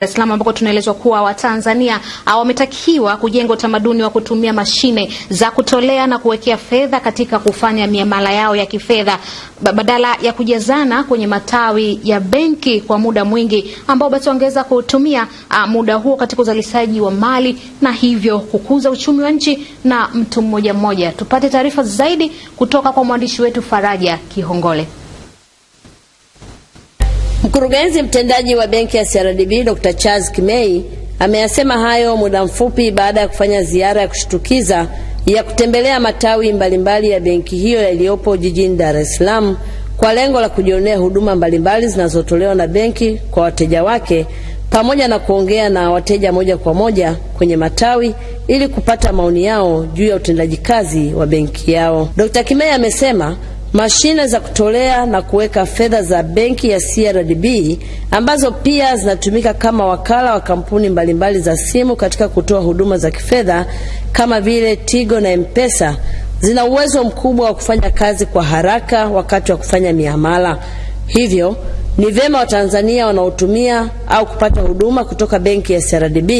Dar es Salaam ambako tunaelezwa kuwa Watanzania wametakiwa kujenga utamaduni wa kutumia mashine za kutolea na kuwekea fedha katika kufanya miamala yao ya kifedha badala ya kujazana kwenye matawi ya benki kwa muda mwingi ambao basi wangeweza kutumia a, muda huo katika uzalishaji wa mali na hivyo kukuza uchumi wa nchi na mtu mmoja mmoja. Tupate taarifa zaidi kutoka kwa mwandishi wetu Faraja Kihongole. Mkurugenzi mtendaji wa benki ya CRDB Dr. Charles Kimei ameyasema hayo muda mfupi baada ya kufanya ziara ya kushtukiza ya kutembelea matawi mbalimbali ya benki hiyo yaliyopo jijini Dar es Salaam kwa lengo la kujionea huduma mbalimbali zinazotolewa na benki kwa wateja wake pamoja na kuongea na wateja moja kwa moja kwenye matawi ili kupata maoni yao juu ya utendaji kazi wa benki yao. Dr. Kimei amesema mashine za kutolea na kuweka fedha za benki ya CRDB ambazo pia zinatumika kama wakala wa kampuni mbalimbali za simu katika kutoa huduma za kifedha kama vile Tigo na M-Pesa zina uwezo mkubwa wa kufanya kazi kwa haraka wakati wa kufanya miamala. Hivyo ni vema Watanzania wanaotumia au kupata huduma kutoka benki ya CRDB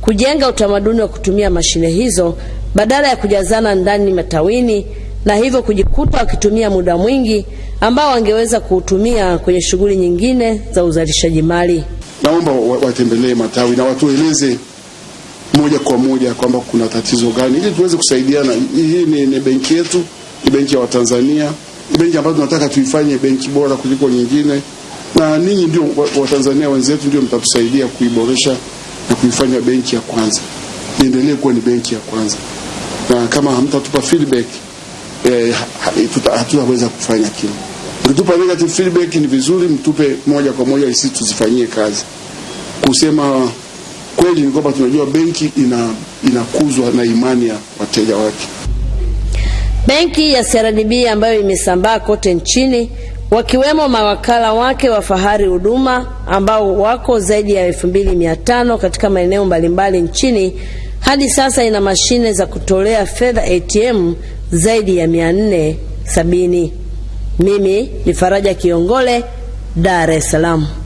kujenga utamaduni wa kutumia mashine hizo badala ya kujazana ndani matawini na hivyo kujikuta wakitumia muda mwingi ambao wangeweza kuutumia kwenye shughuli nyingine za uzalishaji mali. Naomba watembelee matawi na watueleze moja kwa moja kwamba kuna tatizo gani, ili tuweze kusaidiana. Hii ni, ni benki yetu, ni benki ya Watanzania, ni benki ambayo tunataka tuifanye benki bora kuliko nyingine, na ninyi ndio Watanzania wenzetu ndio mtatusaidia kuiboresha na kuifanya benki ya kwanza, niendelee kuwa ni benki ya kwanza, na kama hamtatupa feedback eh, hatutaweza kufanya kile. Mkitupa negative feedback ni vizuri, mtupe moja kwa moja, sisi tuzifanyie kazi. Kusema kweli ni kwamba tunajua benki ina inakuzwa na imani ya wateja wake. Benki ya CRDB ambayo imesambaa kote nchini wakiwemo mawakala wake wa Fahari Huduma ambao wako zaidi ya 2500 katika maeneo mbalimbali nchini, hadi sasa ina mashine za kutolea fedha ATM zaidi ya sabini Mimi ni Faraja Kiongole, Dar es Salaam.